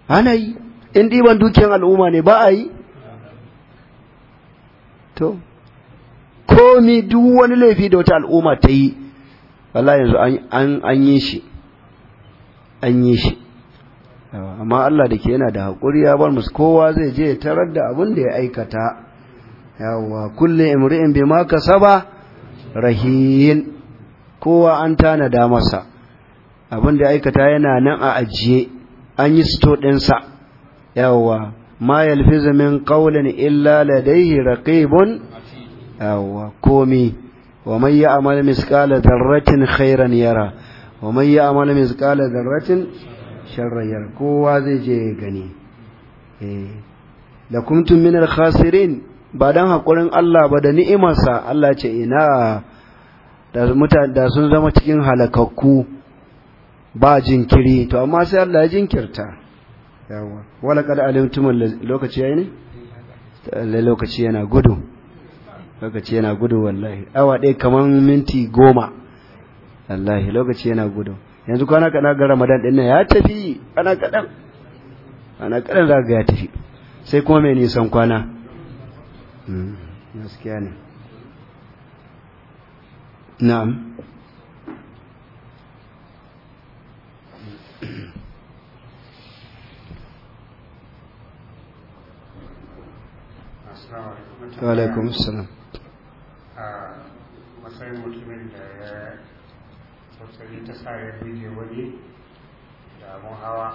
ana yi in diban dukiyar al'umma ne ba a yi to komi duk wani laifi da wata al'umma ta yi wallahi yanzu an yi shi an yi shi amma Allah da ke yana da haƙuri ya bar musu kowa zai je ya tarar da abin da ya aikata yawa kulle imri'in bi ma kasaba rahin kowa an tanada masa abin da aikata yana nan a ajiye an yi din sa yawa ma yalfizu min qawlin illa ladayhi raqibun yawwa komi wa man ya'mal misqala dharratin khairan yara wa man ya'mal misqala dharratin sharran yara kowa zai je gani da eh. la kuntum khasirin ba dan hakurin Allah ba da ni'imarsa Allah ce ina da sun zama cikin halakakku ba jinkiri to amma sai Allah ya jinkirta yawa wala kada alimtum lokaci ne lokaci yana gudu lokaci yana gudu wallahi awa ɗaya kamar minti goma wallahi lokaci yana gudu yanzu kwana kaɗan ga ramadan ɗin nan ya tafi kwana kaɗan kwana kaɗan za ga ya tafi sai kuma mai nisan kwana hmm, gaskiya ne na'am وعليكم السلام a matsayin mutumin da ya sosai ta sa ya bige wani abun hawa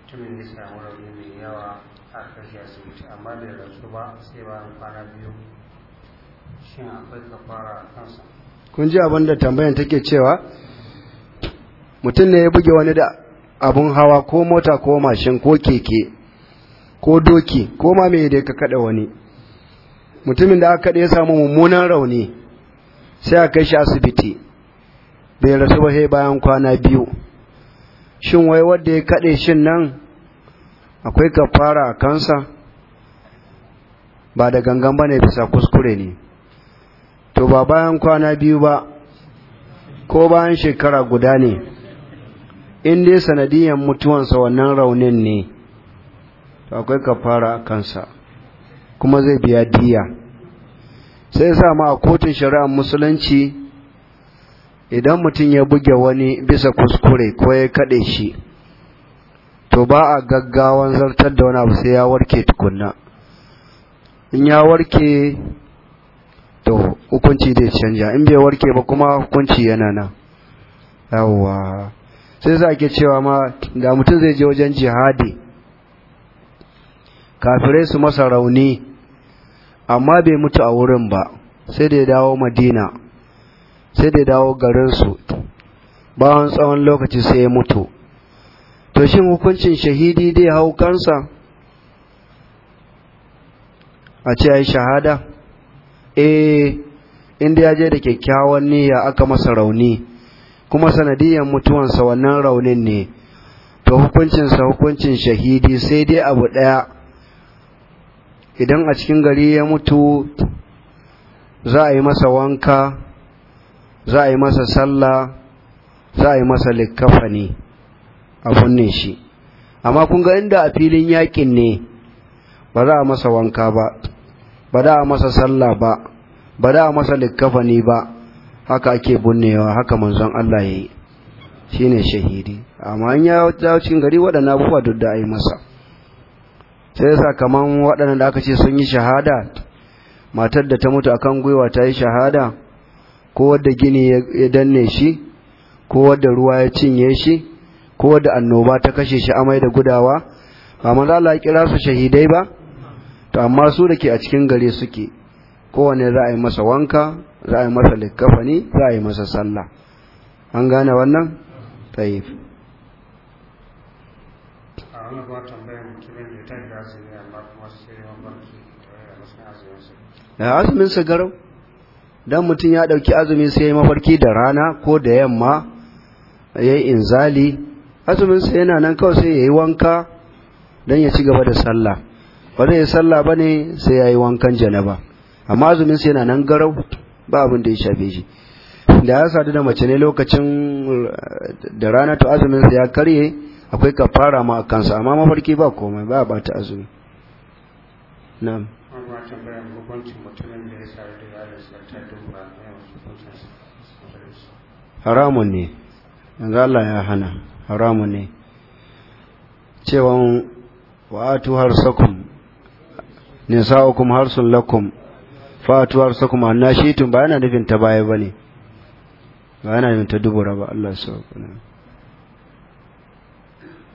mutumin ya samu rauni mai yawa a kashi asibiti amma bai rasu ba sai a kwana biyu shin akwai fara a kansa kun ji abin da tambayan take cewa mutum ne ya buge wani da abun hawa ko mota ko mashin ko keke ko doki ko ma mai dai ka kada wani mutumin da aka ya samu mummunan rauni sai a kai shi asibiti bai rasu ba sai bayan kwana biyu shin wai wanda ya kaɗe shin nan akwai kafara a kansa ba da gangan ba ne bisa kuskure ne to ba bayan kwana biyu ba ko bayan shekara guda ne in dai sanadiyan mutuwansa wannan raunin ne to akwai kafara a kansa kuma zai biya diya sai sa ma a kotun shari'ar musulunci idan mutum ya buge wani bisa kuskure ko ya kaɗe shi to ba a gaggawan zartar da wani abu sai ya warke tukunna in ya warke to hukunci zai canja in bai warke ba kuma hukunci yana nan yawwa sai za ke cewa ma da mutum zai je wajen jihadi kafirai su masa rauni amma bai mutu a wurin ba sai da ya dawo madina sai da ya dawo garinsu bayan tsawon lokaci sai ya mutu to shin hukuncin shahidi dai hau kansa a ce ai shahada eh inda ya je da kyakkyawan niyya aka masa rauni kuma sanadiyan mutuwansa wannan raunin ne to hukuncinsa hukuncin shahidi sai dai abu ɗaya idan a cikin gari ya mutu za a yi masa wanka za a yi masa sallah za a yi masa ne a kunne shi amma kun ga inda a filin yakin ne ba za a masa wanka ba ba za a masa sallah ba ba za a masa ne ba haka ake bunnewa haka manzon Allah ya yi shine shahidi amma in ya cikin gari waɗannan abubuwa duk da a yi masa sai yasa kaman waɗannan da aka ce sun yi shahada matar da ta mutu akan gwiwa ta yi shahada ko wadda gini ya danne shi ko wadda ruwa ya cinye shi ko wadda annoba ta kashe shi amai da gudawa ba za Allah ya kira su shahidai ba to amma su da ke a cikin gare suke kowane za a yi masa wanka za a yi masa likkafani za a yi masa sallah an gane wannan tayyib Eh, azumin sa garau dan mutum ya dauki azumin sai ya mafarki da rana ko da yamma yayi inzali azumin sa yana nan kawai sai yayi wanka dan ya ci gaba da sallah ba zai yi sallah bane sai yayi wankan janaba amma azumin sa yana nan garau ba abin da ya shafe shi da ya sadu da mace ne lokacin eh, da rana to azumin sa ya karye akwai ka fara ma a kansa amma mafarki ba komai ba ba ta azumi na'am haramun ne yanzu Allah ya hana haramun ne cewan wa'atu harsakum nisa'ukum harsun lakum fa'atu harsakum annashitun ba yana nufin ta baya bane ba yana nufin ta dubura ba Allah ya sauka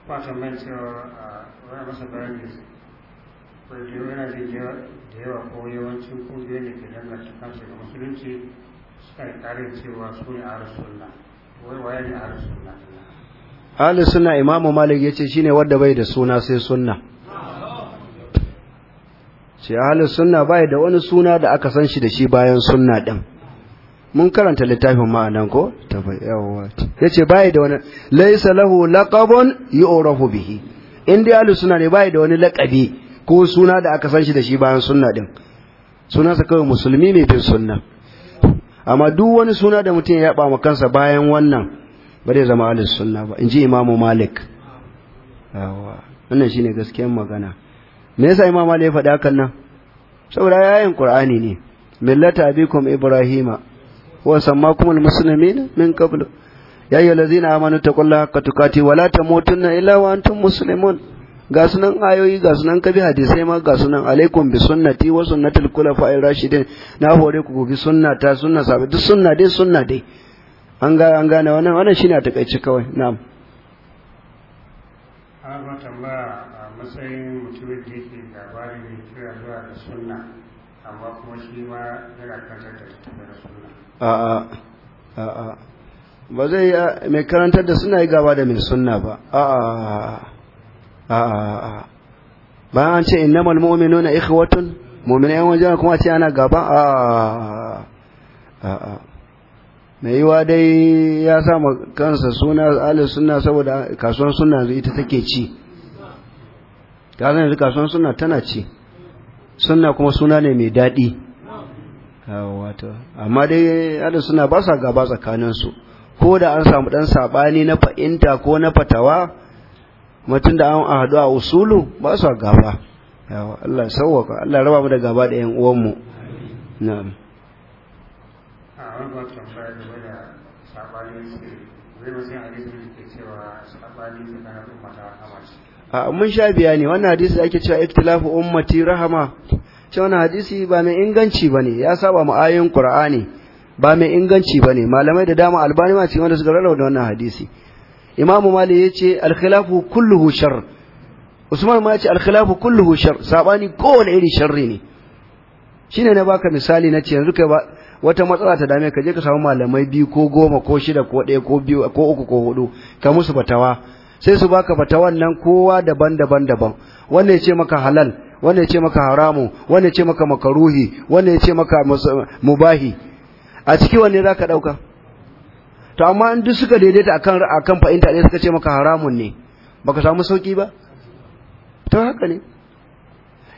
ba tambayin cewa wani masa bayani kungiyoyi yana zai da yawa ko yawancin kungiyoyi da ke danganta kansu da musulunci suka yi karin cewa su ne ahlus sunna wai waye ne ahlus sunna ahlus sunna imamu malik ya ce shi ne wadda bai da suna sai sunna ce ahlus sunna bai da wani suna da aka san shi da shi bayan sunna ɗin. mun karanta littafin ma'anan ko ya ce bayi da wani laisa lahu laqabun yu'rafu bihi in dai ahlus sunna ne bayi da wani laqabi ko suna da aka san shi da shi bayan sunna din sunansa kawai musulmi ne bin sunna amma duk wani suna da mutum ya yaba kansa bayan wannan ba zai zama alu sunna ba in imamu malik yawa wannan shine gaskiyar magana me yasa imamu malik ya faɗa hakan nan saboda yayin qur'ani ne millata abikum ibrahima وسماكم المسلمين من قبل يا أيها الذين آمنوا اتقوا الله حق تقاته ولا تموتن إلا وأنتم مسلمون ga sunan ayoyi ga sunan kabi hadisai ma ga sunan alaikum bi sunnati wa sunnatul khulafa'ir rashidin na hore ku bi sunnata sunna sabi duk sunna dai sunna dai an ga an gane wannan wannan shine a takaice kawai na'am har tambaya a matsayin mutumin da yake da mai kira zuwa da sunna amma kuma shi ma yana kantar da tafiya da sunna a'a ba zai mai karantar da suna yi gaba da mai sunna ba a'a a'a bayan an ce innamal watun mummina yan wajen kuma ce ana gaba a'a mai yiwa dai ya sa kansa suna alis suna saboda kasuwan suna ita take ci ta kasuwan suna tana ci suna kuma suna ne mai daɗi wato amma dai ada suna ba sa gaba tsakaninsu ko da an samu dan sabani na fa'inta ko na fatawa mutum da an ahadu a usulu ba sa gaba yawa Allah sauwaka Allah raba mu da gaba da yan uwan mu na'am a mun sha biya ne wannan hadisi ake cewa ikhtilafu ummati rahama wani hadisi ba mai inganci ba ne ya saba mu ayoyin Qur'ani ba mai inganci ba ne malamai da dama albani ma cikin wanda suka rarraba wannan hadisi imamu Mali ya ce alkhilafu kulluhu shar Usman ma ya ce alkhilafu kulluhu shar sabani kowane iri sharri ne shine na baka misali na ce yanzu kai ba wata matsala ta dame ka je ka samu malamai biyu ko goma ko shida ko ɗaya ko biyu ko uku ko hudu ka musu batawa sai su baka fata wannan kowa daban-daban daban wanda ya ce maka halal wanda ya ce maka haramu wanda ya ce maka makaruhi wanda ya ce maka mubahi a ciki wanne zaka dauka to amma in duk suka daidaita akan akan fa'inta ne suka ce maka haramun ne baka samu sauki ba to haka ne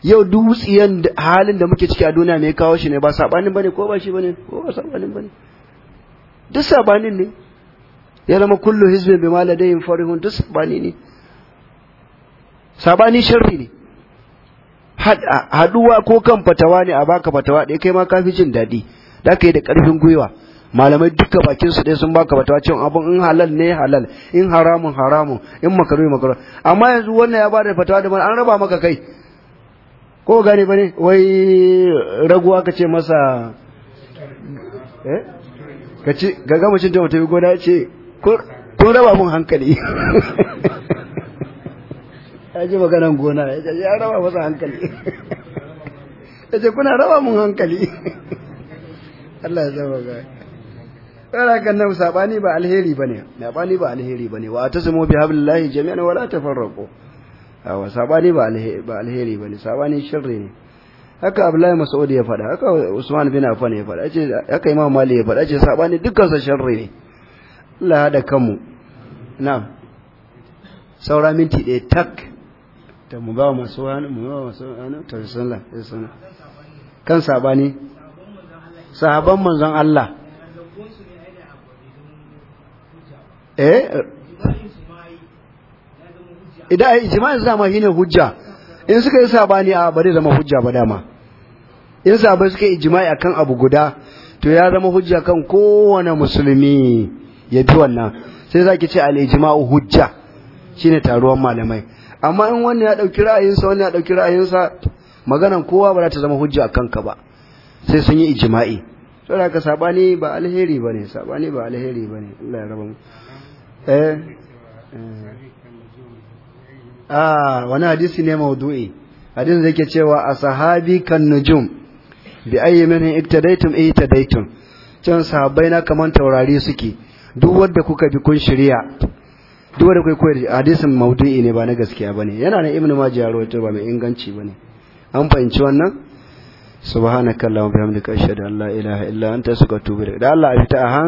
yau dutsiyan halin da muke ciki a duniya mai kawo shi ne ba sabanin bane ko ba shi bane ko ba sabanin bane duk sabanin ne ya zama kullu hizbin bima ladayhim farihun duk sabani ne sabani sharri ne haduwa ko kan fatawa ne a baka fatawa ɗaya kai ma ka fi jin daɗi da ka yi da ƙarfin gwiwa malamai duka bakin su dai sun baka fatawa cewa abin in halal ne halal in haramun haramun in makaru makaru amma yanzu wannan ya ba da fatawa da an raba maka kai ko gane ba ne wai raguwa ka ce masa eh ka ci ga gamacin da mutum gona ce kun raba mun hankali ya ji maganan gona ya raba masa hankali ya ce kuna raba mun hankali Allah ya zama ga tsara kan nan sabani ba alheri bane sabani ba alheri bane wa tasmu bi hablillahi jami'an wala tafarraqu wa sabani ba alheri ba alheri bane sabani shirri ne haka Abdullahi Mas'ud ya faɗa haka Usman bin Affan ya faɗa yace haka Imam mali ya faɗa ce sabani dukkan sa shirri ne Allah da kanmu na saura minti ɗaya tak ta mu ba masu wani mu ba masu wani ta sallah ya sallah kan sabani sahaban manzon Allah eh idan ai ijma'in zama shine hujja in suka yi sabani a bari zama hujja ba dama in sabai suka yi ijma'i akan abu guda to ya zama hujja kan kowane musulmi ya bi wannan sai zaki ce al'ijma'u hujja shine taruwan malamai amma in wani ya dauki ra'ayinsa wani ya dauki ra'ayinsa maganan kowa ba za ta zama hujja a kanka ba sai sun yi ijma'i saboda ka sabani ba alheri bane sabani ba alheri bane Allah ya raba mu eh? eh ah wani hadisi ne maudu'i hadisin zai ke cewa a sahabi kan nujum bi ayyi minhum iktadaytum eh, ihtadaytum can sahabbai na kaman taurari suke duk wanda kuka bi kun shirya duk wanda kuka koyar hadisin maudu'i ne ba na gaskiya bane yana na ibnu majah ya rawaito ba mai inganci bane an fahimci wannan subhanakallahumma bihamdika ashhadu an la ilaha illa anta astaghfiruka wa atubu ilaik da Allah a fita a